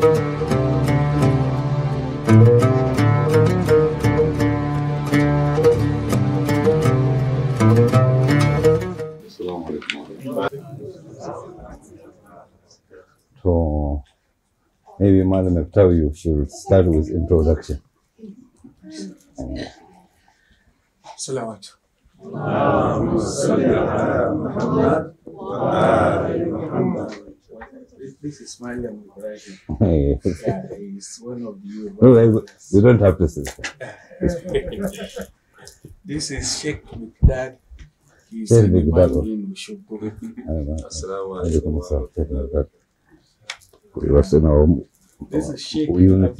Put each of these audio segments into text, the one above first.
So maybe Madam Iftawi should start with introduction. Salawat. Allahumma salli ala Muhammad wa ala Muhammad. This, is is Malian liberation. yeah, he's one of you. No, we don't have to say this is Sheikh Mikdad. He's a man in This is Sheikh Abdullah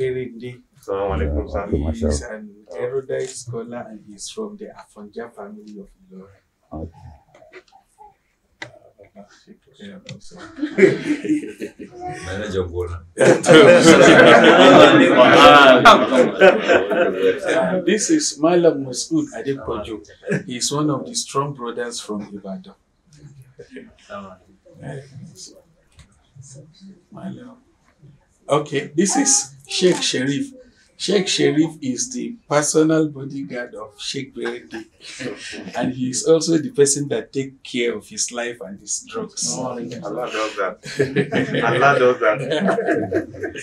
Berindi. Assalamu He's an erudite scholar and he's from the Afonja family of Ilora. Okay. Meneja kuona. This is Malam Masood Adepojo. He is one of the strong brothers from Ibadan. Okay, this is Sheikh Sharif. Sheikh Sharif is the personal bodyguard of Sheikh Berede. and he is also the person that take care of his life and his drugs. Oh, Allah does that. Allah does that.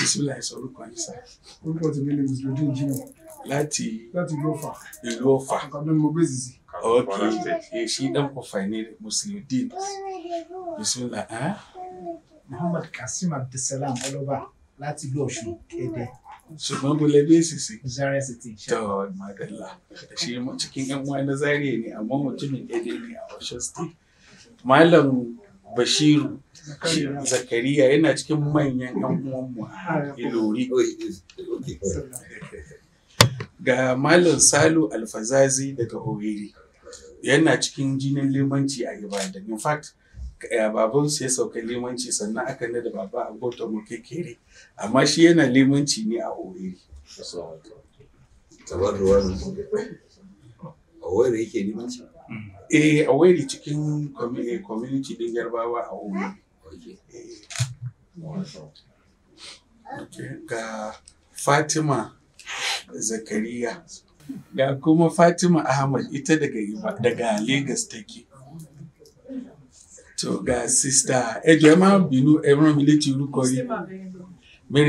Bismillah sọ orúkọ yìí sá. Orúkọ tèmi ni Mùsùlùmí Jìnnà. Láti. Láti ìlú Ọ̀fà. Ìlú Ọ̀fà. Àkàndé mo gbé zizi. Ok, èsì dán Ọ̀fà ní Mùsùlùmí Bismillah. Ah? Muhammad Kasim Abdulsalam Ọlọ́ba. láti ìlú Ọ̀ṣun Ẹdẹ. ṣùgbọ́n mo lè bí èsìsì. zara City. to madalla shi cikin yan uwa na Zaria ne amma mutumin Ẹdẹ ne a Ọ̀ṣun state. Malam Bashiru Zakariya yana cikin manyan yan uwanmu a Ilori. Ga Malam Salu Alfazazi daga Owerri yana cikin jinin limanci a Ibadan. In fact, baban su ya sauka limanci sannan aka da baba a gota kekere amma shi yana limanci ne a owerri A owerri yake limanci eh owerri cikin eh, community din yarbawa a owerri ga fatima zakariya ga kuma fatima ahmad ita daga daga lagos take So, ga sista ẹ ma binu e ran mi leti uruko me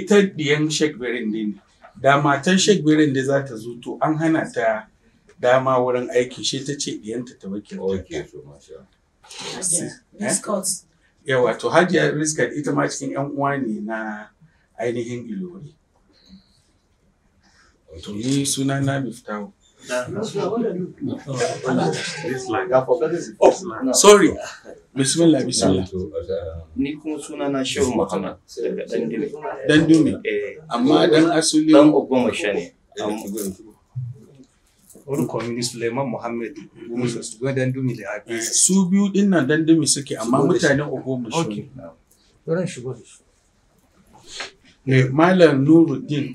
ita diyan Sheikh berin ne. Da matan Sheikh da za ta zo to an hana ta dama wurin aiki shi ta ce diyanta ta wakilta. Yawa eh? to Hajiya Riskat ita ma cikin 'yan uwa ne na ainihin Ilori. To ni suna na Miftahu. Oh, sorry. Bismillah, bismillah. Ni sunana eh. Amma dan asali... Dan Ogbomasha ne. Orúkọ mi Suleiman Muhammad Ogbomasha ṣùgbọ́n Dandume eh, lè haɗe. Su biyu ɗin dan Dandume suke amma mutanen Ogbomasha ne. Yoran eh, Malam Nuruddin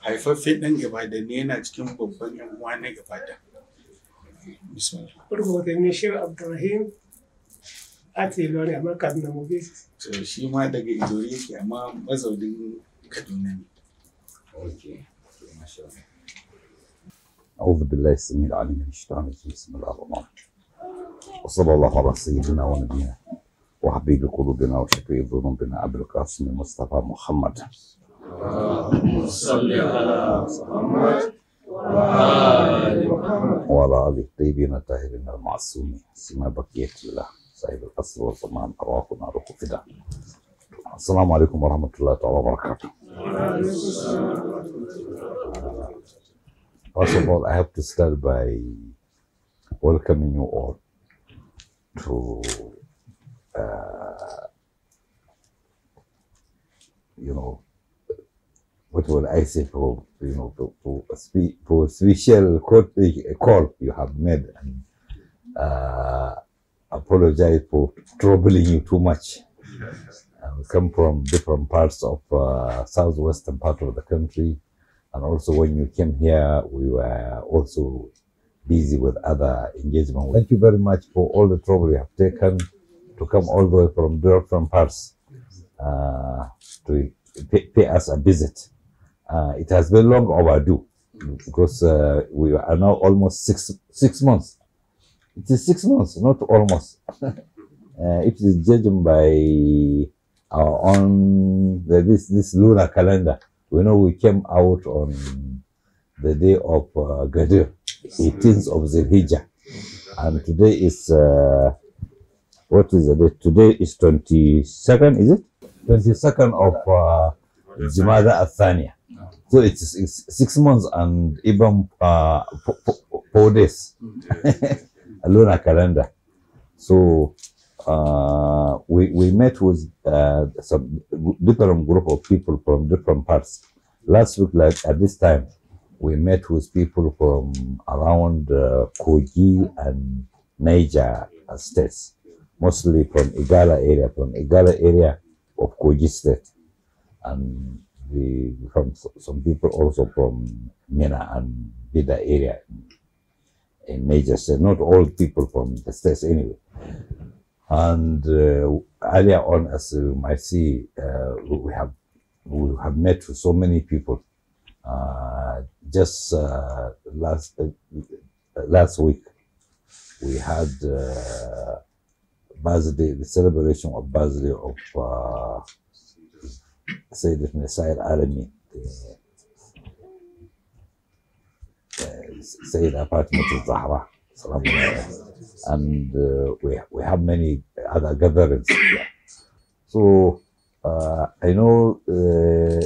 haifaffen ɗan ibadan ne yana cikin babban yan uwa na ibadan Urgo da Nishir Abdulrahim Ati Lori amma Kaduna Mobi. To shi ma daga Idori yake amma mazaunin Kaduna ne. Okay. أعوذ بالله السميع العليم من الشيطان الرجيم بسم الله الرحمن الرحيم وصلى الله على سيدنا ونبينا وحبيب قلوبنا وشفيع ذنوبنا أبو القاسم المصطفى محمد صل على محمد وعلى محمد وعلى آل الطيبين الطاهرين المعصومين سما بقية الله صاحب الأصل والزمان أرواحنا روح فدا السلام عليكم ورحمة الله تعالى وبركاته First of all, I have to start by welcoming you all to uh, you know what will I say for you know for, for a spe for special court, uh, call you have made and uh, apologize for troubling you too much. Uh, um, we come from different parts of uh, southwestern part of the country, and also when you came here, we were also busy with other engagement. Thank you very much for all the trouble you have taken to come all the way from different parts uh, to pay, pay us a visit. Uh, it has been long overdue mm, because uh, we are now almost six six months. It is six months, not almost. uh, it is judged by our own the, this this lunar calendar. We know we came out on the day of uh, Gadir, 18th of Zilhijjah, and today is uh, what is the date? Today is 22nd, is it? 22nd of uh, Jumada Athania. So it's, it's six months and even uh, four days alone lunar calendar. So uh, we, we met with uh, some different group of people from different parts. Last week, like at this time, we met with people from around uh, Kogi and Niger states, mostly from Igala area, from Igala area of Kogi state. And the from some people also from Mina and Bida area in major states, not all people from the states anyway. And uh, earlier on, as you might see, uh, we have we have met with so many people. Uh, just uh, last uh, last week, we had uh, birthday the celebration of birthday of سيدة نساء العالمين Sayyid Fatima Zahra. And uh, we, we have many other gatherings. So uh, I know uh,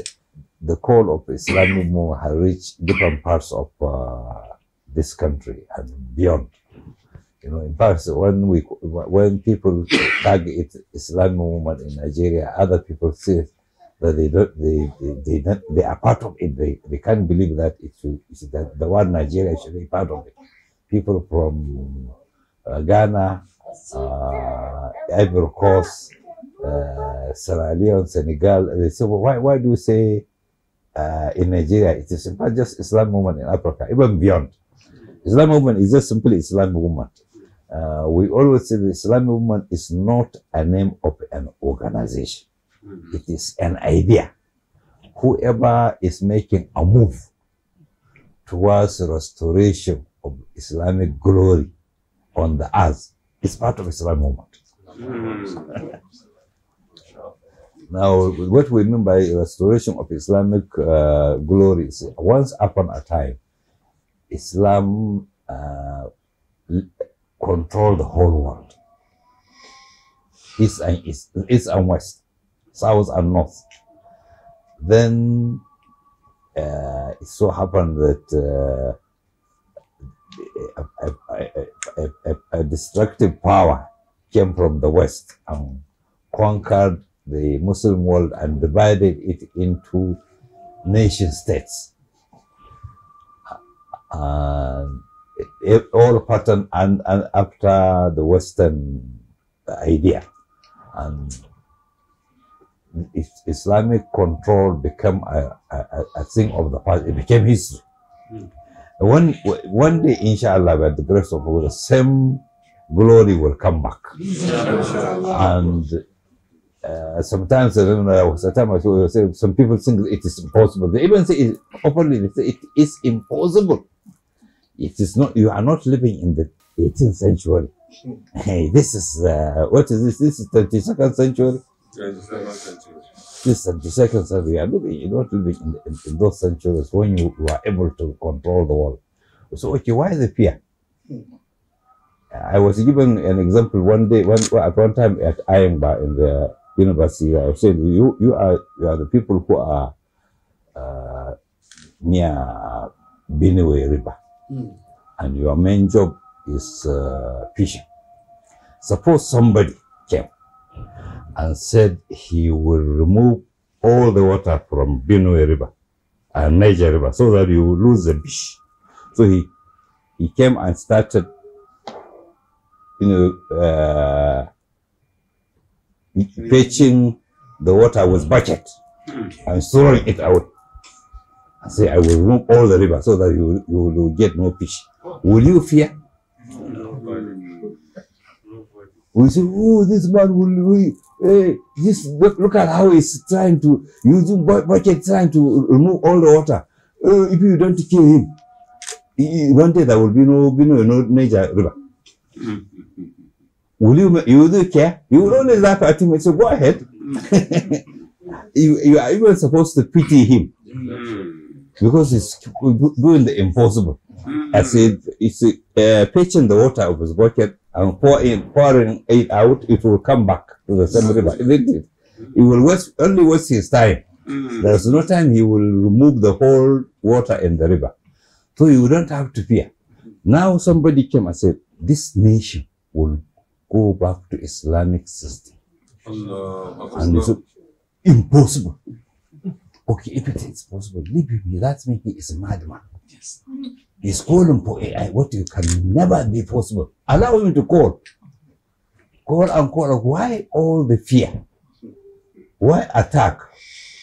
the call of Islamic movement has reached different parts of uh, this country and beyond. You know, in fact, when we when people target Islamic movement in Nigeria, other people say uh, they don't they, they, they, they are part of it. They, they can't believe that it's, it's that the word Nigeria should be part of it. People from uh, Ghana, uh, Ivory Coast, uh, Sierra Leone, Senegal, they say, well, why why do you say uh, in Nigeria it is not just Islam movement in Africa, even beyond. Islam movement is just simply Islam movement. Uh, we always say the Islam movement is not a name of an organization. It mm-hmm. is an idea. Whoever is making a move towards restoration of Islamic glory on the earth is part of Islamic movement. Mm. now, what we mean by restoration of Islamic uh, glory is once upon a time, Islam uh, controlled the whole world, East and, East, East and West south and north. Then uh, it so happened that uh, a, a, a, a, destructive power came from the west and conquered the Muslim world and divided it into nation states. it, all pattern and, and after the Western idea. And Islamic control became a, a, a, thing of the past. It became history. Hmm. One, one day, inshallah, by the grace of Allah, the same glory will come back. and uh, sometimes, I don't know, sometimes I say, some people think it is impossible. They even say it openly, they say it is impossible. It is not, you are not living in the 18th century. Hmm. Hey, this is, uh, what is this? This is 22nd century. This and the second century, you know, in, in, in those centuries when you, were able to control the world. So, okay, why the fear? I was given an example one day, one, at one time at Ayamba in the university, I saying, you, you, are, you are the people who are uh, near Benue River, mm. and your main job is uh, fishing. Suppose somebody came and said he will remove all the water from Benue River and Niger River so that you will lose the fish. So he, he came and started, you know, uh, fetching the water with bucket and throwing it out. I say, I will remove all the river so that you, you will get no fish. Will you fear? We say, oh, this man will, this look, look at how he's trying to using bucket trying to remove all the water. Uh, if you don't kill him, one day there will be no be no, no Niger River. will you you do care? You will only laugh at him and say, "Go ahead." you, you are even supposed to pity him hmm. because he's doing the impossible. I hmm. said, it's uh, pitching the water of his bucket and pouring, pouring it out, it will come back to the same river, is it? He will waste, only waste his time. Mm. There's no time he will remove the whole water in the river. So you don't have to fear. Now somebody came and said, this nation will go back to Islamic system. Allah, and it's impossible. Okay, if it is possible, leave me. That means he is a madman. Yes. He's calling for AI, what you can never be possible. Allow him to call quote unquote, why all the fear? Why attack?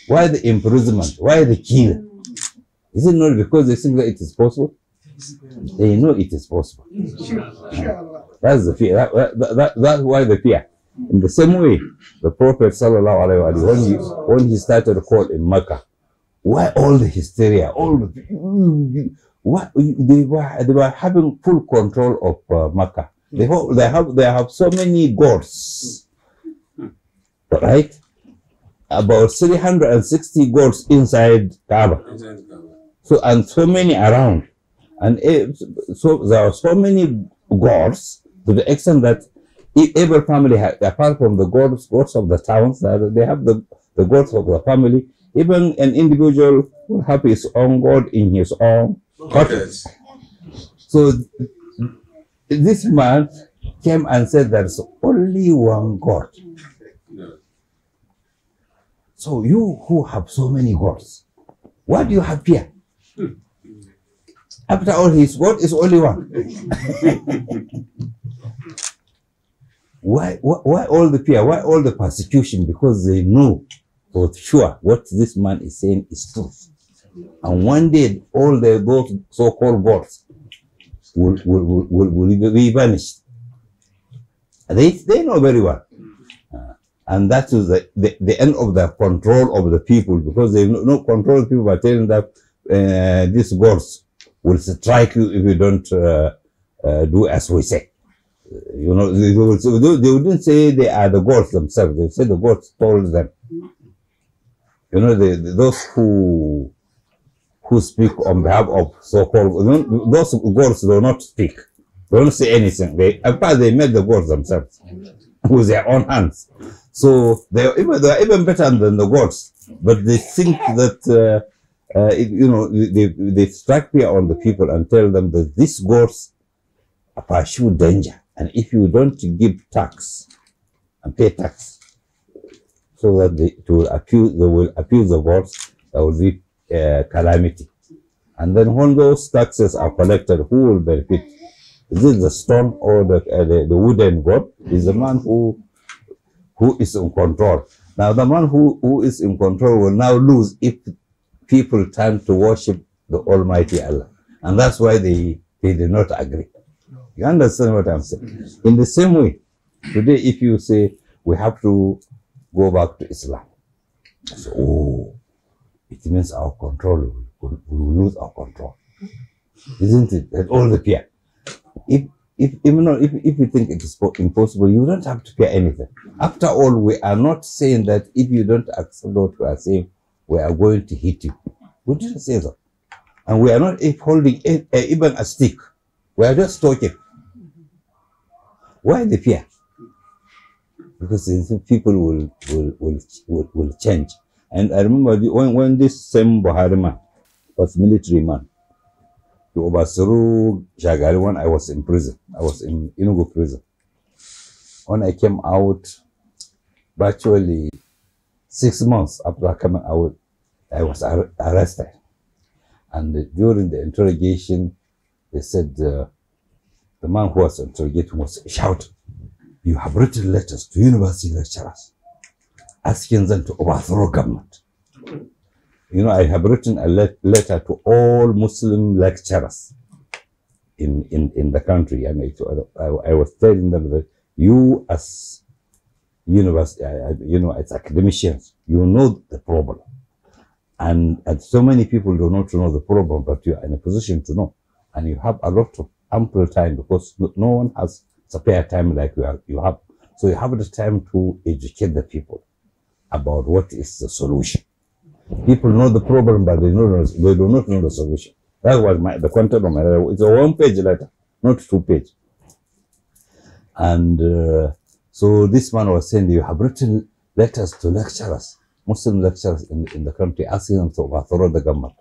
Why the imprisonment? Why the kill? Is it not because they think that it is possible? They know it is possible. That's the fear. That, that, that, that's why the fear. In the same way, the Prophet when he, when he started to court in Mecca, why all the hysteria, all the, what, they, were, they were having full control of uh, Mecca. They, have, they, have, they have so many gods, right? About 360 gods inside Kaaba. So, and so many around. And if, eh, so there are so many gods to the extent that every family, apart from the gods, gods of the towns, they have the, the gods of the family. Even an individual will have his own god in his own cottage. So this man came and said there's only one God. So you who have so many gods, why do you have fear? After all, his God is only one. why, why, why all the fear? Why all the persecution? Because they know for sure what this man is saying is truth. And one day, all the so-called gods will, will, will, will be vanished. They, they know very well. Uh, and that is the, the, the, end of the control of the people because they no, no control people by telling them uh, these gods will strike you if you don't uh, uh do as we say. Uh, you know, they, will, they wouldn't say they are the gods themselves. They say the gods told them. You know, they, those who who speak on behalf of so-called, those girls do not speak. They don't say anything. They, in fact, they make the girls themselves with their own hands. So they are even, they are even better than the gods, but they think that, uh, uh, it, you know, they, they strike fear on the people and tell them that these gods pursue danger. And if you don't give tax and pay tax, so that they, to appeal, they will appeal the gods, that will be uh, calamity. And then when those taxes are collected, who will benefit? Is it the stone or the, uh, the, the, wooden god? Is the man who, who is in control. Now, the man who, who is in control will now lose if people turn to worship the Almighty Allah. And that's why they, they did not agree. You understand what I'm saying? In the same way, today if you say, we have to go back to Islam. So, oh, it means our control, we will lose our control. Isn't it? That's all the fear. If, if, even if, if you think it is impossible, you don't have to fear anything. After all, we are not saying that if you don't accept what we are saying, we are going to hit you. We didn't say that. And we are not holding a, a, even a stick. We are just talking. Why the fear? Because people will, will, will, will, will change. And I remember the, when, when this same Buhari man was military man, he overthrew Jagali when I was in prison. I was in Inugu prison. When I came out, virtually six months after coming out, I was ar arrested. And during the interrogation, they said uh, the man who was interrogating was shouting, you have written letters to university lecturers asking them to overthrow government. You know, I have written a le letter to all Muslim lecturers in, in, in the country, I, I, was telling them that you as university, uh, you know, as academicians, you know the problem. And, and so many people do not know the problem, but you are in a position to know. And you have a lot of ample time because no one has spare time like you, are, you have. So you have the time to educate the people about what is the solution. People know the problem, but they, know, they do not know the solution. That was my, the content of my letter. It's a one-page letter, not two-page. And uh, so this man was saying, you have written letters to lecturers, Muslim lecturers in, in the country, asking them to overthrow the government.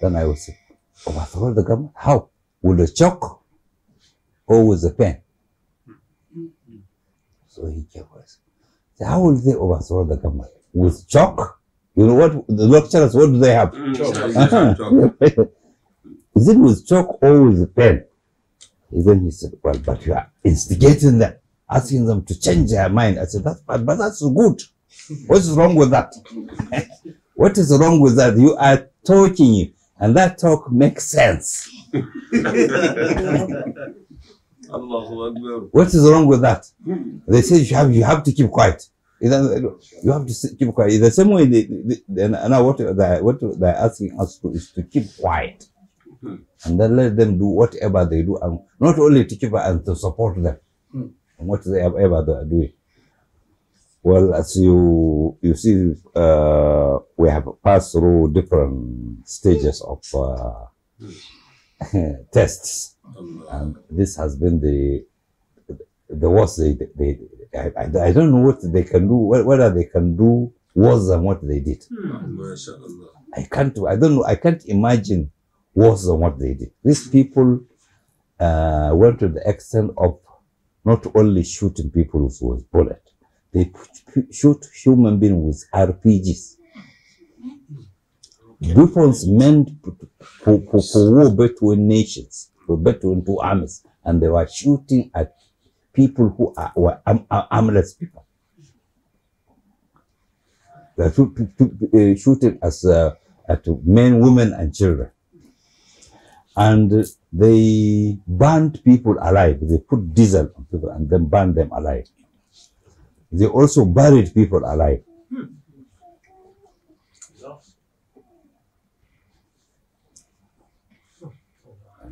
Then I would say, overthrow the government? How? With the chalk or with the pen? So he kept us. How will they overthrow the government? With chalk? You know what? The lecturers, what do they have? Mm, chalk. Is it with chalk or with a pen? And then he said, well, but you are instigating them, asking them to change their mind. I said, that's bad, but that's good. What's wrong with that? what is wrong with that? You are talking, and that talk makes sense. What is wrong with that? Hmm. They say you have, you have to keep quiet. You have to keep quiet. The same way they, they, they now what they're, what they're asking us to is to keep quiet. Hmm. And then let them do whatever they do, and not only to keep and to support them, mm. what they are doing. Well, as you you see, uh, we have passed through different stages of uh, hmm. tests. And this has been the the worst they, they, I, I, don't know what they can do, whether they can do worse than what they did. Hmm. I can't, I don't know, I can't imagine worse than what they did. These people uh, went to the extent of not only shooting people with bullets, they shoot human beings with RPGs. Weapons meant for, for, for war between nations into armies, and they were shooting at people who are, were armless people. They were shoot, uh, shooting as, uh, at men, women, and children. And they burned people alive. They put diesel on people and then burned them alive. They also buried people alive. Hmm.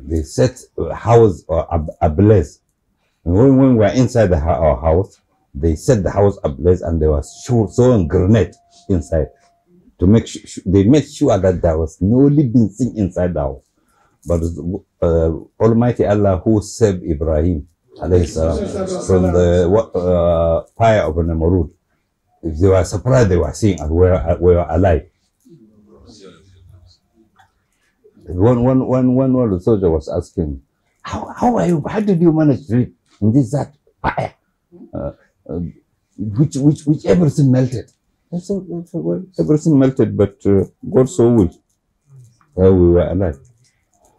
they set a house or ablaze. When, when we were inside the, our house, they set the house ablaze and they were throwing grenade inside to make sure they made sure that there was no living thing inside the house. But uh, Almighty Allah who saved Ibrahim salam, from the uh, fire of Namrud, they were surprised they were seeing and we we were alive. One, one, one, one, one soldier was asking how, how are you, how did you manage to live in this, that fire, uh, um, which, which, which everything melted? I said, well, everything melted, but uh, God so will. Uh, we were alive.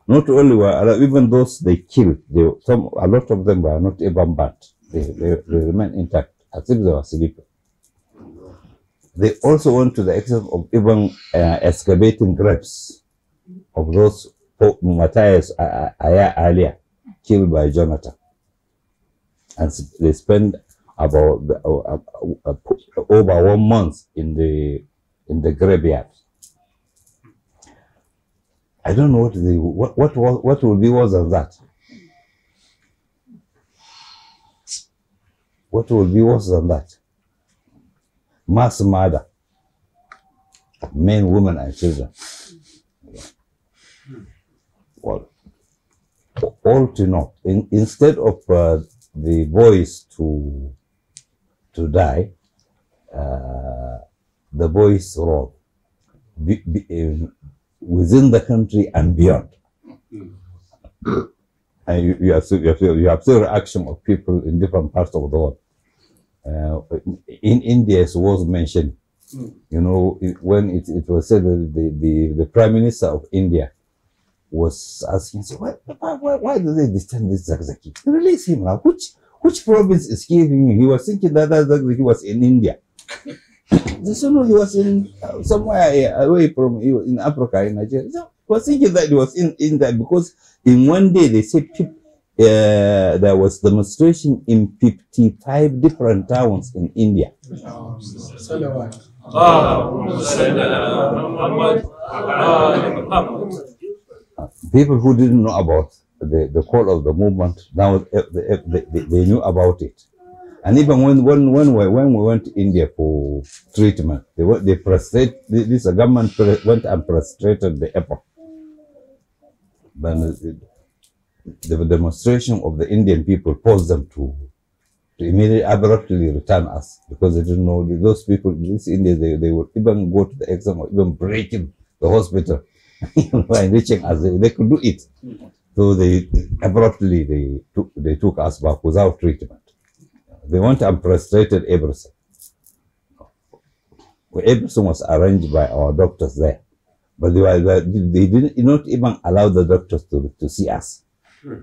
Not only were alive, even those they killed, they, some, a lot of them were not even burnt. They, they, they remained intact, as if they were sleeping. They also went to the extent of even uh, excavating graves of those Matthias aya a earlier killed by Jonathan. And they spent about uh, uh, over one month in the in the graveyard. I don't know what the what what what, what will be worse than that. What will be worse than that? Mass murder of men, women, and children. well, all to not. In, instead of uh, the boys to to die, uh, the boys rule within the country and beyond. Mm. And you, you, have, you, have, you have seen reaction of people in different parts of the world. Uh, in India, as was mentioned, mm. you know, it, when it, it was said that the, the, the Prime Minister of India was asking, so why, why, why do they disturb this Zakzaki? Release him now. Which, which province is giving you? He was thinking that, that, that he was in India. they said, no, he was in uh, somewhere uh, away from, in Africa, in Nigeria. So he was thinking that he was in India because in one day they said people, uh, there was demonstration in 55 different towns in India. Oh. Oh. Oh. people who didn't know about the, the call of the movement, now eh, eh, they, they, they knew about it. And even when, when, when, we, when we went to India for treatment, they, they frustrated, this government went and frustrated the effort. Then uh, the, demonstration of the Indian people forced them to, to immediately abruptly return us because they didn't know those people, these Indians, they, they would even go to the exam or even break in the hospital by reaching us, they, they, could do it. So they, abruptly they took, they took us back without treatment. They went and frustrated everything. Everything was arranged by our doctors there. But they, were, they didn't not even allow the doctors to, to see us. Sure. Hmm.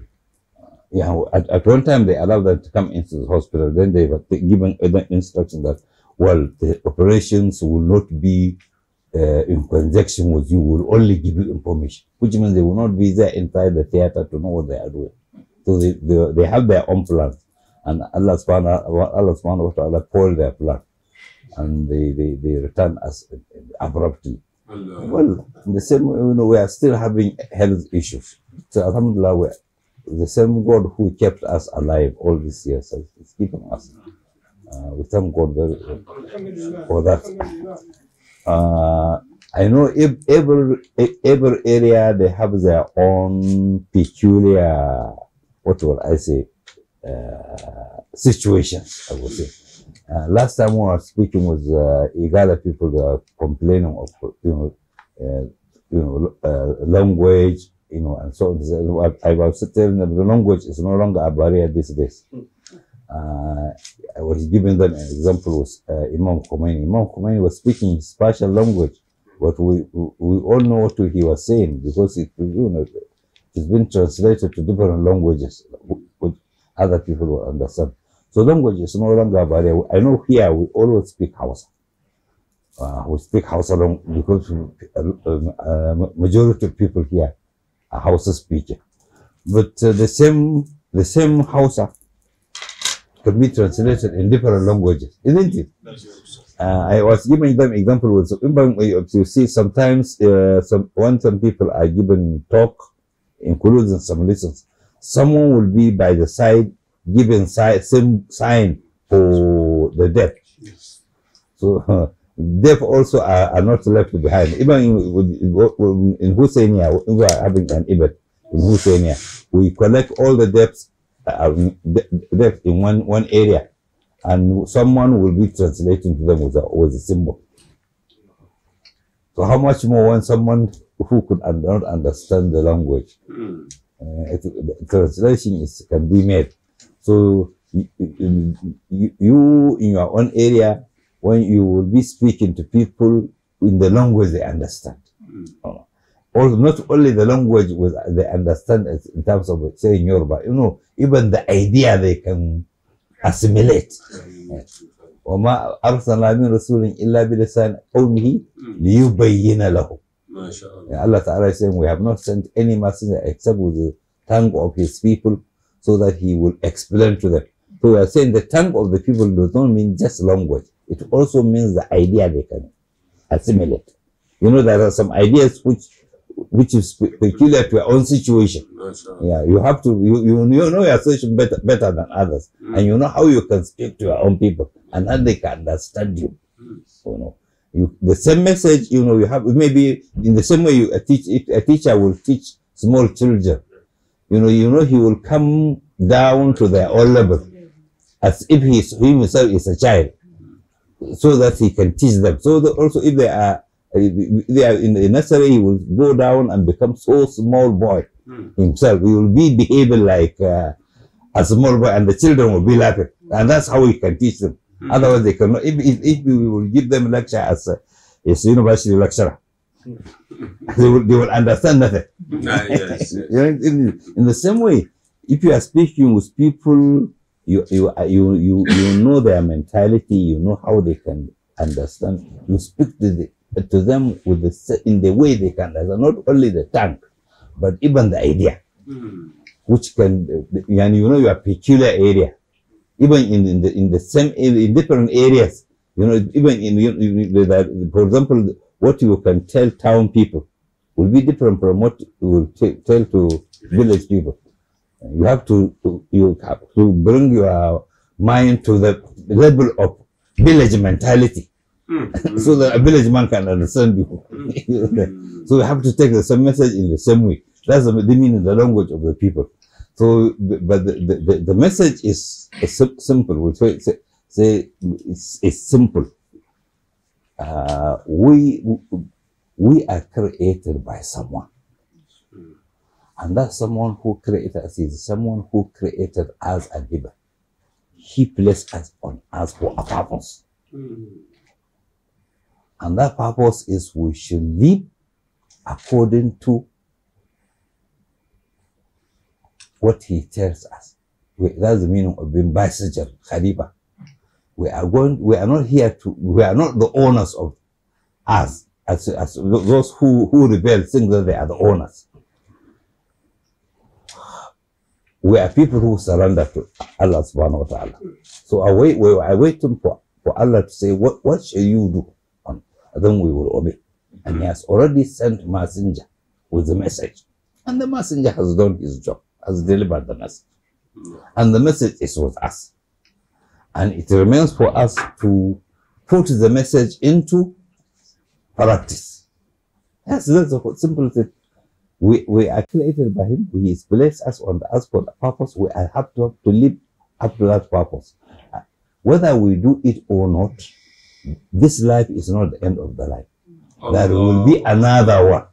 Yeah, at, at one time they allowed them to come into the hospital. Then they were given other instructions that, well, the operations will not be uh, in conjunction with you will only give you information, which means they will not be there inside the theater to know what they are doing. So they, they, they have their own plans, and Allah subhanahu, Allah subhanahu wa ta'ala foil their plan, and they, they, they return us abruptly. Allah. Well, in the same way, you know, we are still having health issues. So, Alhamdulillah, we the same God who kept us alive all these years has, has us. Uh, we thank God very, for that uh, I know every every area they have their own peculiar what will I say uh, situations. I would say. Uh, last time we were speaking was uh, Igala people, were complaining of you know uh, you know uh, language you know and so on. I was telling them the language is no longer a barrier these days. Mm. Uh, I was giving them an example was uh, Imam Khomeini. Imam Khomeini was speaking in special language, but we, we all know what he was saying because it, you know, it's been translated to different languages which other people will understand. So language is no longer barrier. I know here we always speak Hausa. Uh, we speak Hausa long because uh, uh, majority of people here are Hausa speaking. But uh, the same the same Hausa could be translated in different languages, isn't it? Uh, I was giving them example with you see sometimes uh, some when some people are given talk, including some lessons, someone will be by the side giving same sign for the deaf. So uh, deaf also are, are, not left behind. Even in, in, in we are having an event in Hussein. We collect all the deafs uh, depth in one, one area and someone will be translating to them with a, with a symbol. So how much more when someone who could un not understand the language, uh, it, the translation is, can be made. So you, you, in your own area, when you will be speaking to people in the language they understand or not only the language with they understand it in terms of saying Yoruba, you know, even the idea they can assimilate. وما أرسلنا من رسول إلا بلسان قومه ليبين له. ما شاء الله. Allah Ta'ala is saying we have not sent any messenger except with the tongue of his people so that he will explain to them. So we are saying the tongue of the people does not mean just language. It also means the idea they can assimilate. You know, there are some ideas which which is peculiar to your own situation. Yeah, you have to, you, you, know your situation better, better than others. Mm. And you know how you can speak to your own people and then they can understand you. you know, you, the same message, you know, you have, maybe in the same way you, a, teach, a teacher will teach small children. You know, you know, he will come down to their own level as if he, he himself is a child so that he can teach them. So that also if they are they are in the nursery, he will go down and become so small boy mm. himself. He will be behaving like uh, a small boy, and the children will be laughing. And that's how we can teach them. Mm. Otherwise, they cannot. If, if, if, we will give them lecture as a, uh, as a university lecturer, hmm. they, will, they will understand nothing. Ah, yes, yes. in, in the same way, if you are speaking with people, you, you, uh, you, you, you know their mentality, you know how they can understand, you speak to them uh, to them with the, in the way they can answer, not only the tank, but even the idea, mm. which can, uh, and you know, your peculiar area, even in, in, the, in the same, in, different areas, you know, even in, in for example, what you can tell town people will be different from what you will tell to village people. You have to, to, you have to bring your mind to the level of village mentality. Mm. so the village man can understand you. Mm. so we have to take the same message in the same way. That's the, the meaning, the language of the people. So, but the, the, the message is simple. We say, say it's, it's simple. Uh, we we are created by someone, and that someone who created us is someone who created us a giver. He placed us on us for a purpose. Mm. And that purpose is we should live according to what he tells us. We, that's the meaning of being bicycle, Khalifa. We are going, we are not here to, we are not the owners of us, as, as those who, who rebel think that they are the owners. We are people who surrender to Allah subhanahu wa ta'ala. So I wait, we are waiting for, for Allah to say, what, what shall you do? then we will obey. And he has already sent messenger with the message. And the messenger has done his job, has delivered the message. And the message is with us. And it remains for us to put the message into practice. Yes, that's a simple thing. We, we are created by him. He has placed us on the earth for the purpose. We have to, have to live up to that purpose. Whether we do it or not, this life is not the end of the life. Oh, there will be another one.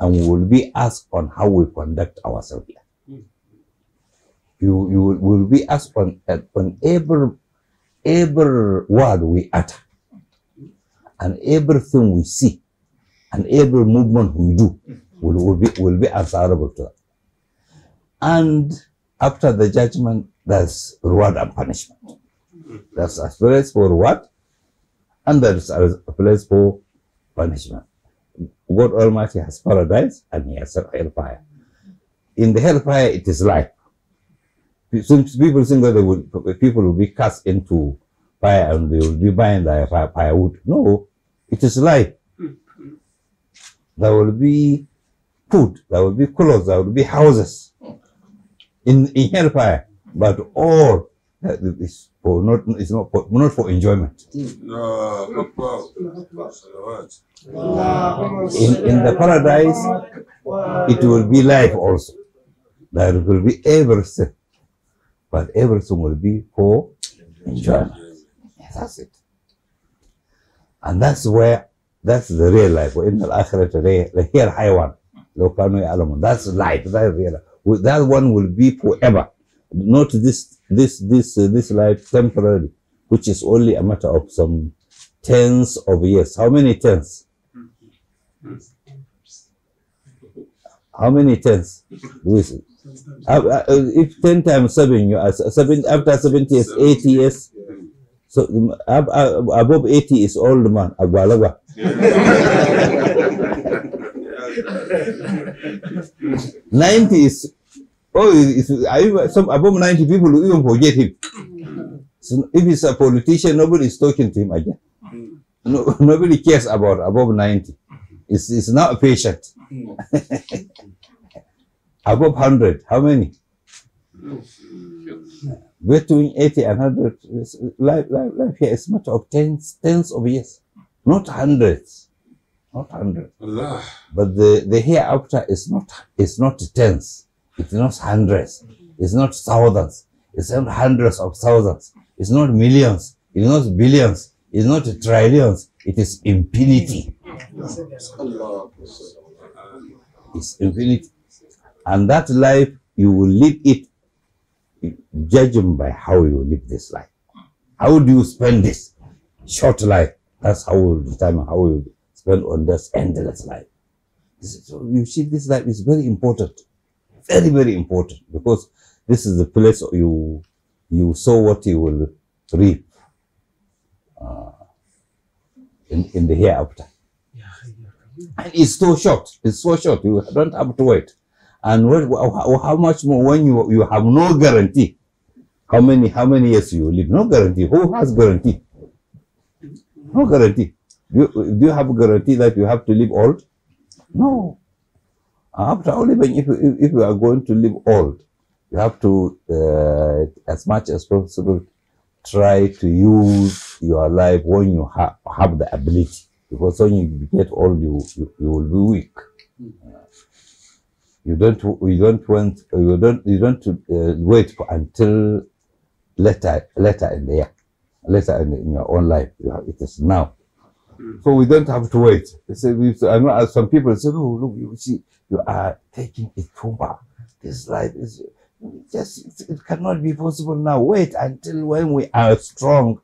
And we will be asked on how we conduct ourselves here. You, you will, will be asked on, on every, every word we utter. And everything we see. And every movement we do will, will, be, will be answerable to that. And after the judgment, there's reward and punishment. There's assurance for what? and there is a place for punishment. God Almighty has paradise and he has hellfire. In the hellfire, it is life. Some people think that will, people will be cast into fire and they will be burned by firewood. No, it is life. There will be food, there will be clothes, there will be houses in, in hellfire, but all it's for not it's not for, not for enjoyment. In, in the paradise, it will be life also. There will be everything, but everything will be for enjoyment. That's it, and that's where that's the real life. وإن الآخرة هي الحيوان. لو That's life. That's real. Life. That one will be forever not this this this uh, this life temporary, which is only a matter of some tens of years. How many tens? How many tens? Uh, uh, if ten times seven, you are seven after seventy is eighty years. So um, uh, above eighty is old man, abalaga. Ninety is Oh, some above 90 people will even forget him. So if he's a politician, nobody is talking to him again. No, nobody cares about above 90. It's, it's not a patient. above 100, how many? Between 80 and 100, life, life, life here is a matter of tens, tens of years, not hundreds. Not hundred, but the, the hereafter is not is not tense. It's not hundreds. It's not thousands. It's not hundreds of thousands. It's not millions. It's not billions. It's not trillions. It is infinity. It's infinity. And that life, you will live it judging by how you live this life. How do you spend this short life? That's how you determine how you spend on this endless life. So you see, this life is very important very, very important because this is the place you, you sow what you will reap uh, in, in the hereafter. And it's so short. It's so short. You don't have to wait. And what, how much more when you, you have no guarantee how many how many years you live? No guarantee. Who has guarantee? No guarantee. Do you, do you have guarantee that you have to live old? No. After all, even if, if, if you are going to live old, you have to, uh, as much as possible, try to use your life when you ha have the ability. Because when you get old, you, you, you will be weak. You don't you don't want you don't you don't uh, wait for until later later in the year, later in, in your own life. it is now. Mm. So we don't have to wait. They say we, I know uh, some people say, "No, oh, look, you see, you are taking a too This life is just it cannot be possible now. Wait until when we are strong.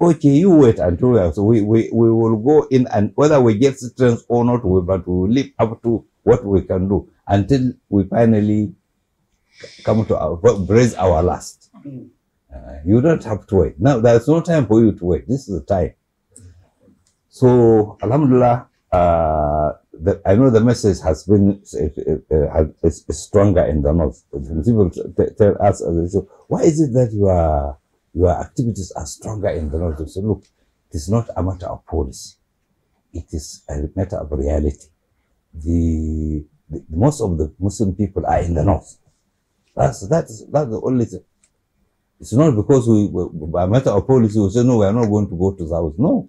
Okay, you wait until we are. So we, we, we will go in and whether we get strength or not, we, but we will live up to what we can do until we finally come to our, brace our last. Mm. Uh, you don't have to wait. Now, there's no time for you to wait. This is the time. So, Alhamdulillah, uh, the, I know the message has been uh, is, is stronger in the north. People tell us, uh, say, why is it that your your activities are stronger in the north? They say, look, it is not a matter of policy; it is a matter of reality. The, the most of the Muslim people are in the north. That's that's that's the only thing. It's not because we, by matter of policy, we say no, we are not going to go to the south. No,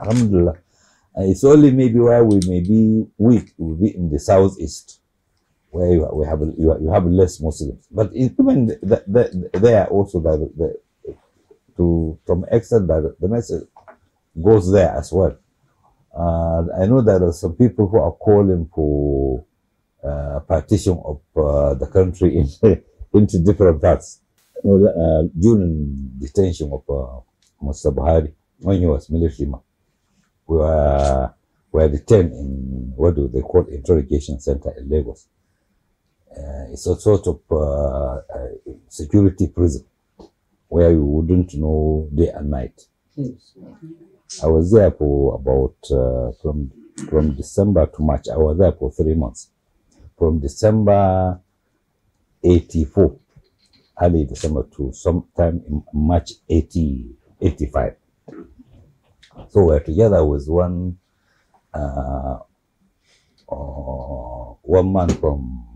Alhamdulillah. It's only maybe where we may be weak, we will be in the southeast, where you, we have, you, you, have less Muslims. But even the, the, the, there also, the, the, to, from extent, the, the message goes there as well. Uh, I know there are some people who are calling for uh, partition of uh, the country in, into different parts. Uh, during detention of uh, Mr. Buhari when he was military man, we were, were detained in what do they call interrogation center in Lagos. Uh, it's a sort of uh, uh security prison where you wouldn't know day and night. I was there for about uh, from from December to March. I was there for three months, from December '84, early December to sometime in March 80, 85. So we're together with one uh, uh, one man from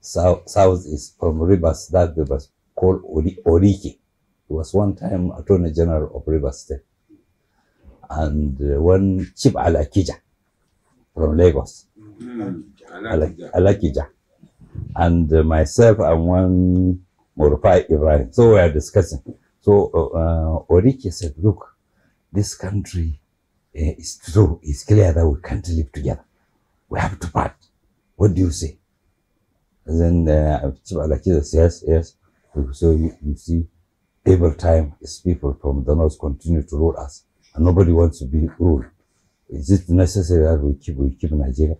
south south is from Rivers, that Rivers called Oriki. He was one time Attorney General of Rivers State, and uh, one Chief Alakija from Lagos, mm, mm-hmm. Alakija. Alakija, and uh, myself and one Morupai Ibrahim. So we are discussing. So uh, Oriki said, look, this country uh, is true. It's clear that we can't live together. We have to part. What do you say? And then uh, Chibalaki says, yes, yes. So you, you see, every time it's people from the north continue to rule us, and nobody wants to be ruled. Is it necessary that we keep we keep Nigeria?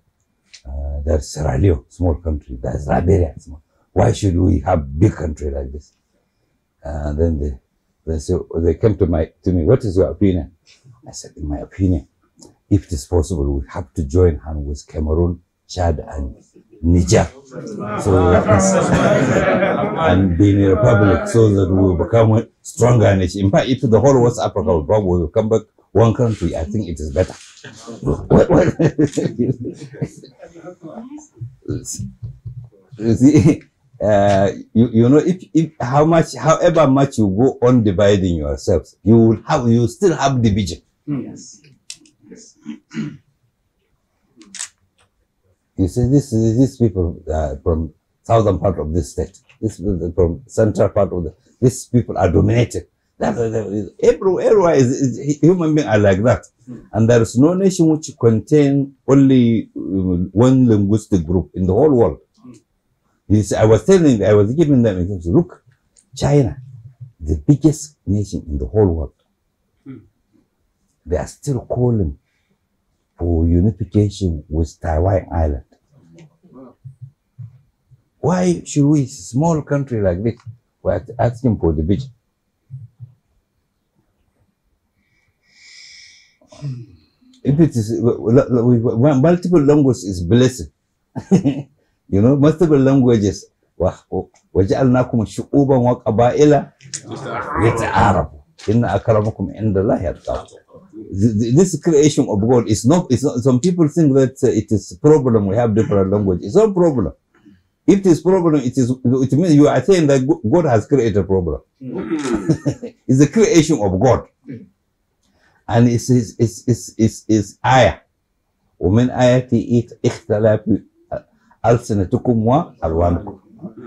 Uh, there's Sierra Leone, small country. There's Liberia. Small. Why should we have big country like this? And then the they say, they came to my to me, what is your opinion? I said, in my opinion, if it is possible, we have to join hand with Cameroon, Chad, and Niger. So and being a republic so that we will become stronger and in fact if the whole West Africa will we will come back one country, I think it is better. you see, uh, you, you know, if, if how much, however much you go on dividing yourselves, you will have, you still have division. Hmm. Yes. yes. You see, this these people uh, from southern part of this state, this from central part of the, these people are dominated. That, everywhere is, is, human beings are like that, hmm. and there is no nation which contain only um, one linguistic group in the whole world. This, I was telling, I was giving them examples. Look, China, the biggest nation in the whole world. Hmm. They are still calling for unification with Taiwan Island. Wow. Why should we, small country like this, we're asking for division? If it is, multiple languages is blessing. You know, multiple languages. وَجَعَلْنَاكُمْ شُعُوبًا وَقَبَائِلَ يَتَعَارَفُ إِنَّ أَكْرَمَكُمْ عِنْدَ اللَّهِ يَتَعَارَفُ This creation of God is not, it's not, some people think that uh, it is a problem we have different language. It's not a problem. If it is problem, it is it means you are saying that God has created a problem. it's the creation of God. And it's it's it's it's it's, it's ayah. ومن آياته اختلاف Alsinatukumwa Alwanku.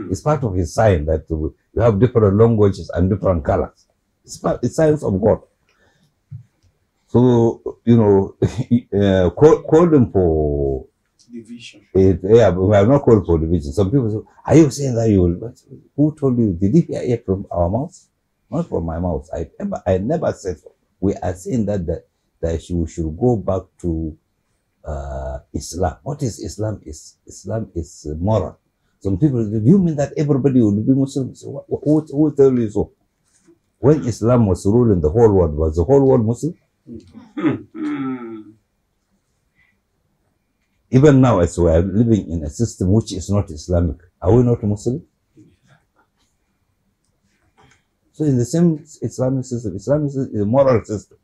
It's part of his sign that you have different languages and different colors. It's, part, it's signs of God. So, you know, uh, call, call them for division. It, yeah, we are not called for division. Some people say, Are you saying that you will? But who told you? Did you hear it from our mouth? Not from my mouth. I, ever, I never said We are saying that, that, that you should go back to uh, Islam. What is Islam? Is Islam is moral. Some people, do you mean that everybody will be Muslim? So what, who, who tell you so? When Islam was ruling the whole world, was the whole world Muslim? Even now, as we are living in a system which is not Islamic, are we not Muslim? So in the same Islamic system, Islamic is a moral system.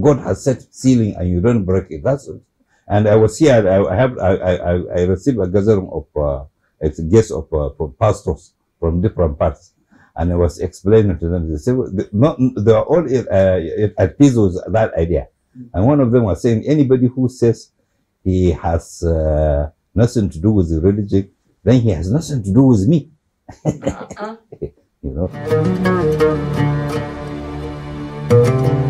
God has set ceiling and you don't break it. That's it. And I was here. I, I have I, I, I received a gathering of uh, it's guests of uh, from pastors from different parts, and I was explaining to them. They said not they are all uh, at peace with that idea. And one of them was saying anybody who says he has uh, nothing to do with the religion, then he has nothing to do with me. Uh-uh. you know.